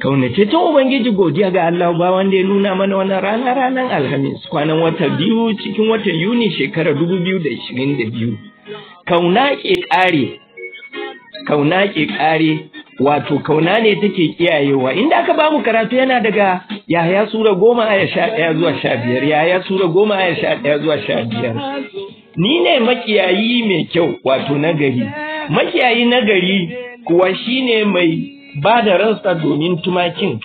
kaunace ta ubangiji godiya ga Allah ba wanda ya nuna mana wannan rana ranar alhamis kwanan wata biyu cikin watan yuni shekarar dubu biyu da ishirin da biyu kauna ke ƙare kauna ke kare wato kauna ne take kiyayewa inda aka bamu karatu yana daga Yaya sura goma aya sha ɗaya zuwa sha biyar yaya sura goma aya sha ɗaya zuwa sha biyar ni ne makiyayi mai kyau wato nagari makiyayi nagari kuwa shine mai ba da ransa domin tumakin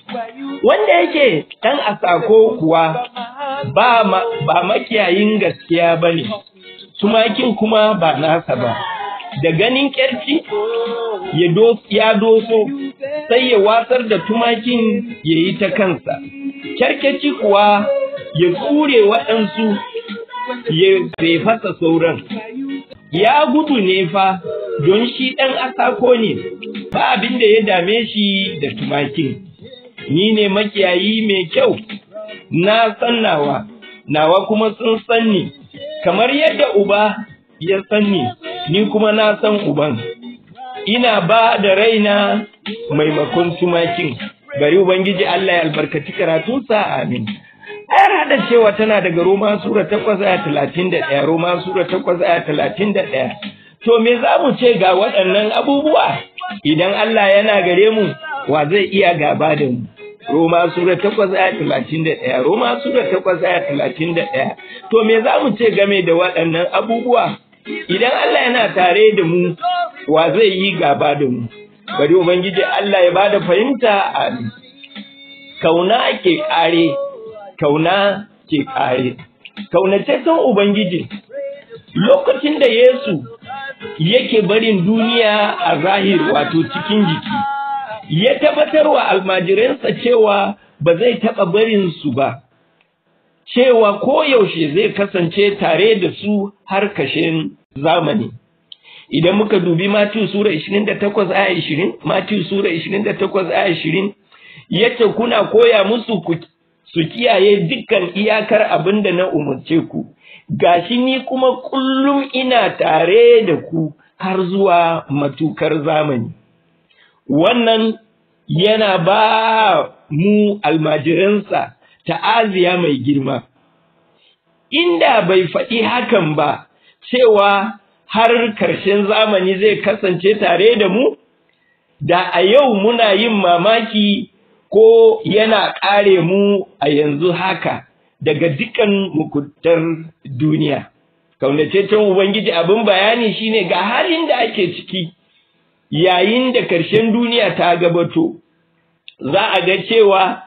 wanda yake ɗan asako kuwa ba ba makiyayin gaskiya ba ne tumakin kuma ba nasa ba da ganin kyarci ya doso sai ya watsar da tumakin ya yi ta kansa kyarkeci kuwa ya tsure waɗansu ya fasa sauran ya gudu ne fa don shi ɗan asako ne ba abin da ya dame shi da tumakin ni ne makiyayi mai kyau na san nawa nawa kuma sun san ni kamar yadda uba ya san ni ni kuma na san uban ina ba da raina maimakon tumakin bari ubangiji Allah ya albarkaci karatunsa amin ayar haɗa cewa tana daga Roma sura 8 aya 31 Roma sura 8 aya 31 to me za mu ce ga waɗannan abubuwa idan Allah yana gare mu wa zai iya gaba da mu Roma Sura 8 aya 31 Roma Sura 8 aya 31 to me za mu ce game da waɗannan abubuwa idan Allah yana tare da mu wa zai yi gaba da mu bari ubangiji Allah ya bada fahimta a kauna ke kare kauna ke kare kaunace san ubangiji lokacin da Yesu yake barin duniya a zahir wato cikin jiki ya tabbatarwa almajiransa cewa ba zai taɓa barin su ba cewa koyaushe zai kasance tare da su har kashin zamani idan muka dubi Matiyu Sura 28 aya 20, Matiyu Sura 28 aya 20, yace kuna koya musu su kiyaye dukkan iyakar abin da na umarce ku, Ga shi ni kuma kullum ina tare da ku har zuwa matukar zamani wannan yana ba mu almajiransa ta'aziya mai girma inda bai faɗi hakan ba cewa har ƙarshen zamani zai kasance tare da mu da a yau muna yin mamaki ko yana ƙare mu a yanzu haka daga dukan mukuntar duniya kaunacecen ubangiji abin bayani shine ga halin da ake ciki yayin da karshen duniya ta gabato za a ga cewa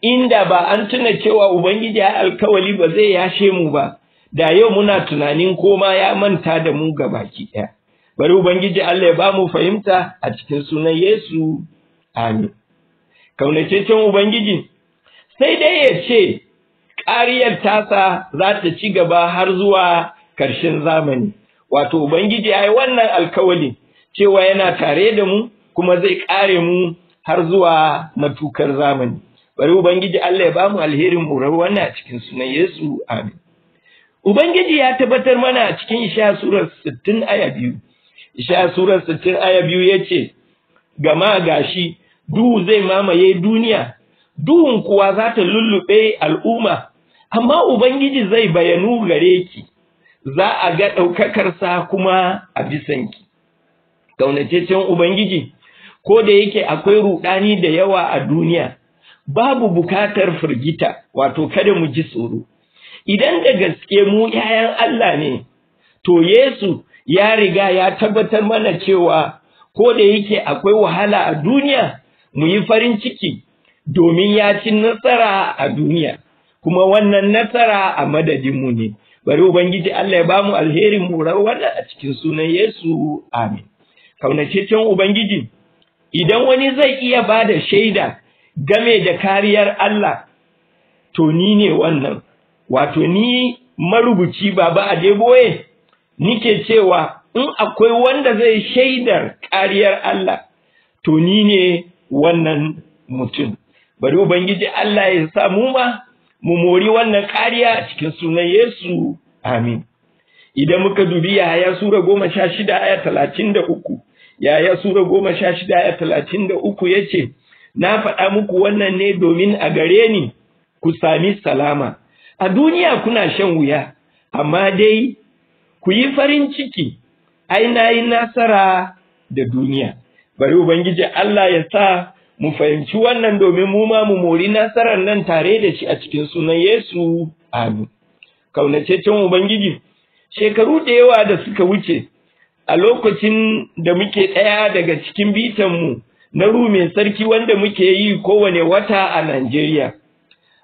inda ba an tuna cewa ubangiji ya alkawali ba zai yashe mu ba da yau muna tunanin koma ya manta da mu baki ɗaya bari ubangiji Allah ya ba mu fahimta a cikin sunan Yesu amin kaunataccen ubangiji sai dai ya ce ƙariyar tasa za ta ci gaba har zuwa ƙarshen zamani. Wato, Ubangiji ya yi wannan alkawalin cewa yana tare da mu kuma zai ƙare mu har zuwa matukar zamani. Bari Ubangiji Allah ya ba mu alherin murar wannan a cikin sunan Yesu, amin. Ubangiji ya tabbatar mana a cikin Isha Surar sittin aya biyu. Isha Surar aya biyu ya ce, Gama gashi, duhu zai mamaye duniya, duhun kuwa za ta lullube al'umma amma ubangiji zai bayanu gare ki za a ga ɗaukakarsa kuma a bisan ki ƙaunataccen ubangiji ko da yake akwai ruɗani da yawa a duniya babu bukatar firgita wato kada mu ji tsoro idan da gaske mu 'ya'yan Allah ne to Yesu ya riga ya tabbatar mana cewa ko da yake akwai wahala a duniya mu yi farin ciki domin ya ci nasara a duniya kuma wannan nasara a madadinmu ne bari ubangiji Allah ya ba mu alherin mu a cikin sunan Yesu amin kaunataccen ubangiji idan wani zai iya ba da shaida game da kariyar Allah to ni ne wannan wato ni marubuci baba Adeboye nike cewa in akwai wanda zai shaidar kariyar Allah to ni ne wannan mutum bari ubangiji Allah ya samu ma mu mori wannan kariya cikin sunan Yesu amin idan muka dubi yaya sura goma sha shida aya talatin da uku yaya sura goma sha shida aya talatin da uku ya ce na faɗa muku wannan ne domin a gare ni ku sami salama a duniya kuna shan wuya amma dai ku yi farin ciki ai na yi nasara da duniya bari ubangiji Allah ya sa mu fahimci wannan domin mu ma mu mori nasarar nan tare da shi a cikin sunan Yesu amin kaunacecen ubangiji shekaru da yawa da suka wuce a lokacin da muke ɗaya daga cikin bitanmu na rume sarki wanda muke yi kowane wata a Najeriya.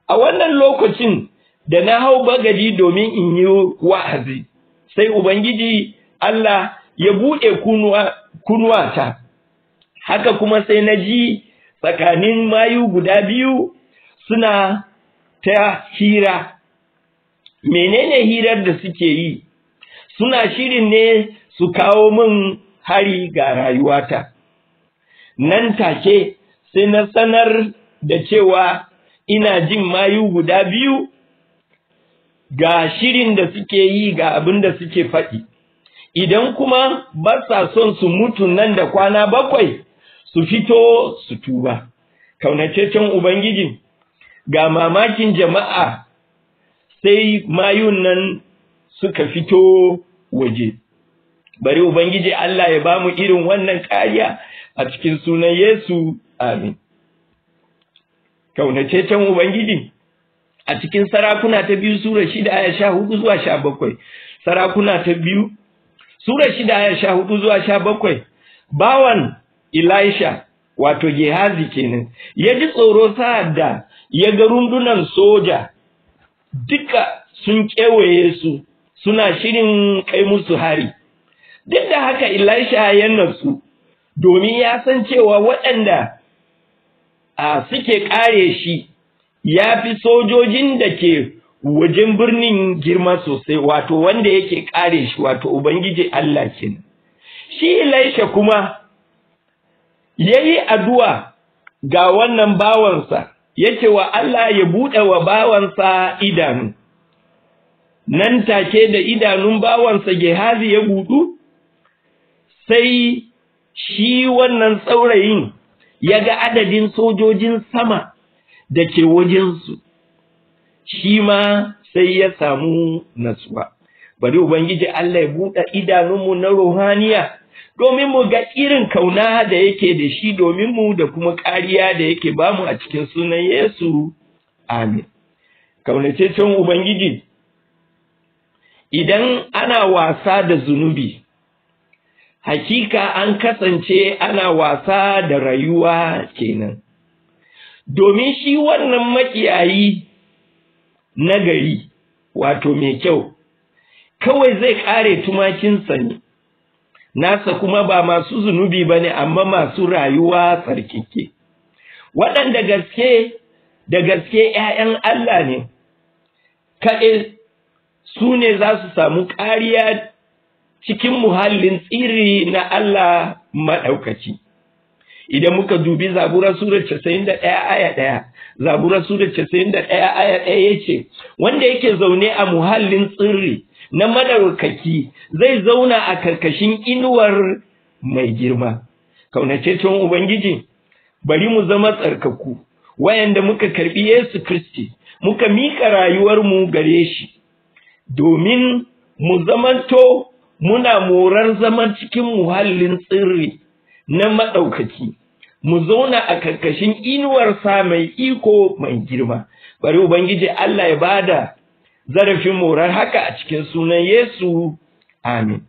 A wannan lokacin da na hau bagadi domin in yi wa'azi, sai Ubangiji Allah ya buɗe kunuwata, haka kuma sai na ji tsakanin mayu guda biyu suna ta hira menene hirar da suke yi suna shirin ne su kawo min hari ga rayuwata nan take sai na sanar da cewa ina jin mayu guda biyu ga shirin da suke yi ga abin da suke faɗi idan kuma ba sa son su mutu nan da kwana bakwai su fito su tuba kaunacecen ubangiji ga mamakin jama'a sai mayun nan suka fito waje bari ubangiji Allah ya bamu irin wannan kariya a cikin sunan Yesu amin kaunacecen ubangiji a cikin sarakuna ta biyu sura shida aya sha hudu zuwa sha bakwai sarakuna ta biyu sura shida aya sha hudu zuwa sha bakwai bawan Elisha wato Gehazi kenan ya ji tsoro sa'ad da ya ga rundunan soja duka sun kewaye su suna shirin kai musu hari duk da haka Elisha ya natsu domin ya san cewa waɗanda a suke kare shi ya fi sojojin da ke wajen birnin girma sosai wato wanda yake kare shi wato ubangiji Allah kenan shi Elisha kuma yayi addu'a ga wannan bawansa yake wa Allah ya buɗe wa bawansa idanu nan take da idanun bawansa Gehazi ya buɗu sai shi wannan tsaurayin ya ga adadin sojojin sama da ke wajensu shi ma sai ya samu natsuwa bari ubangiji Allah ya buɗe idanunmu na ruhaniya domin mu ga irin kauna da yake da shi domin mu da kuma kariya da yake bamu a cikin sunan Yesu amin kaunataccen ubangiji idan ana wasa da zunubi hakika an kasance ana wasa da rayuwa kenan domin shi wannan makiyayi nagari wato mai kyau kawai zai ƙare tumakinsa ne nasa kuma ba masu zunubi ba ne amma masu rayuwa tsarkike waɗanda gaske da gaske ‘ya'yan Allah ne kaɗai su ne za su samu ƙariya cikin muhallin tsiri na Allah maɗaukaci idan muka dubi zabura sura 91 aya 1 zabura sura 91 aya 1 yace wanda yake zaune a muhallin tsirri na madaukaki zai zauna a karkashin inuwar mai girma kaunataccen ubangiji bari mu zama tsarkaku wayanda muka karbi Yesu Kristi muka mika rayuwarmu gare shi domin mu zamanto muna morar zaman cikin muhallin tsirri na maɗaukaki mu zauna a karkashin sa mai iko mai girma bari ubangiji Allah ya bada zarafin morar haka a cikin sunan Yesu amin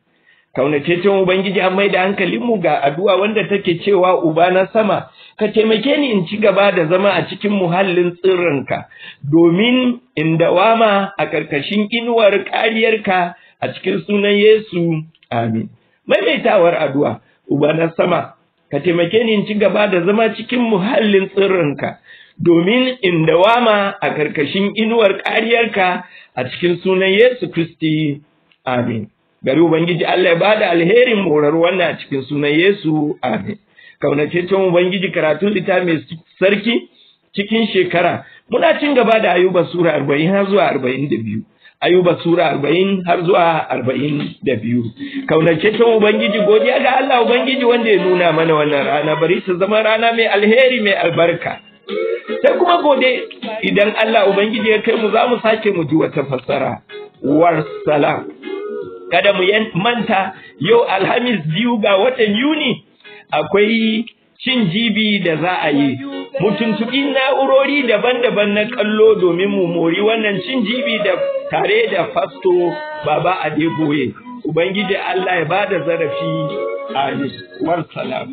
kaunataccen ubangiji an mai da mu ga addu'a wanda take cewa uba na sama ka taimake ni in ci gaba da zama a cikin muhallin tsirrinka domin in dawama a karkashin inuwar kariyarka a cikin sunan Yesu amin maimaitawar addu'a Uba na sama, ka taimake ni in ci gaba da zama cikin muhallin tsirrinka, domin in dawama a karkashin inuwar ƙariyarka a cikin sunan Yesu Kristi. Amin. Gari Ubangiji Allah ya bada alherin morar wannan a cikin sunan Yesu. Amin. Kaunataccen Ubangiji karatun littafi mai sarki cikin shekara. Muna cin gaba da Ayuba Sura arba'in har zuwa arba'in da biyu. ayuba sura arba'in har zuwa arba'in da biyu kaunataccen ubangiji godiya ga allah ubangiji wanda ya nuna mana wannan rana bari ta zama rana mai alheri mai albarka sai kuma gode idan allah ubangiji ya kai mu za mu sake mu ji wata fassara war salam kada mu manta yau alhamis biyu ga watan yuni akwai cin jibi da za a yi mu na'urori daban-daban na kallo domin mu mori wannan cin jibi da tare da fasto baba adeboye ubangiji Allah ya ba da zarafi a salam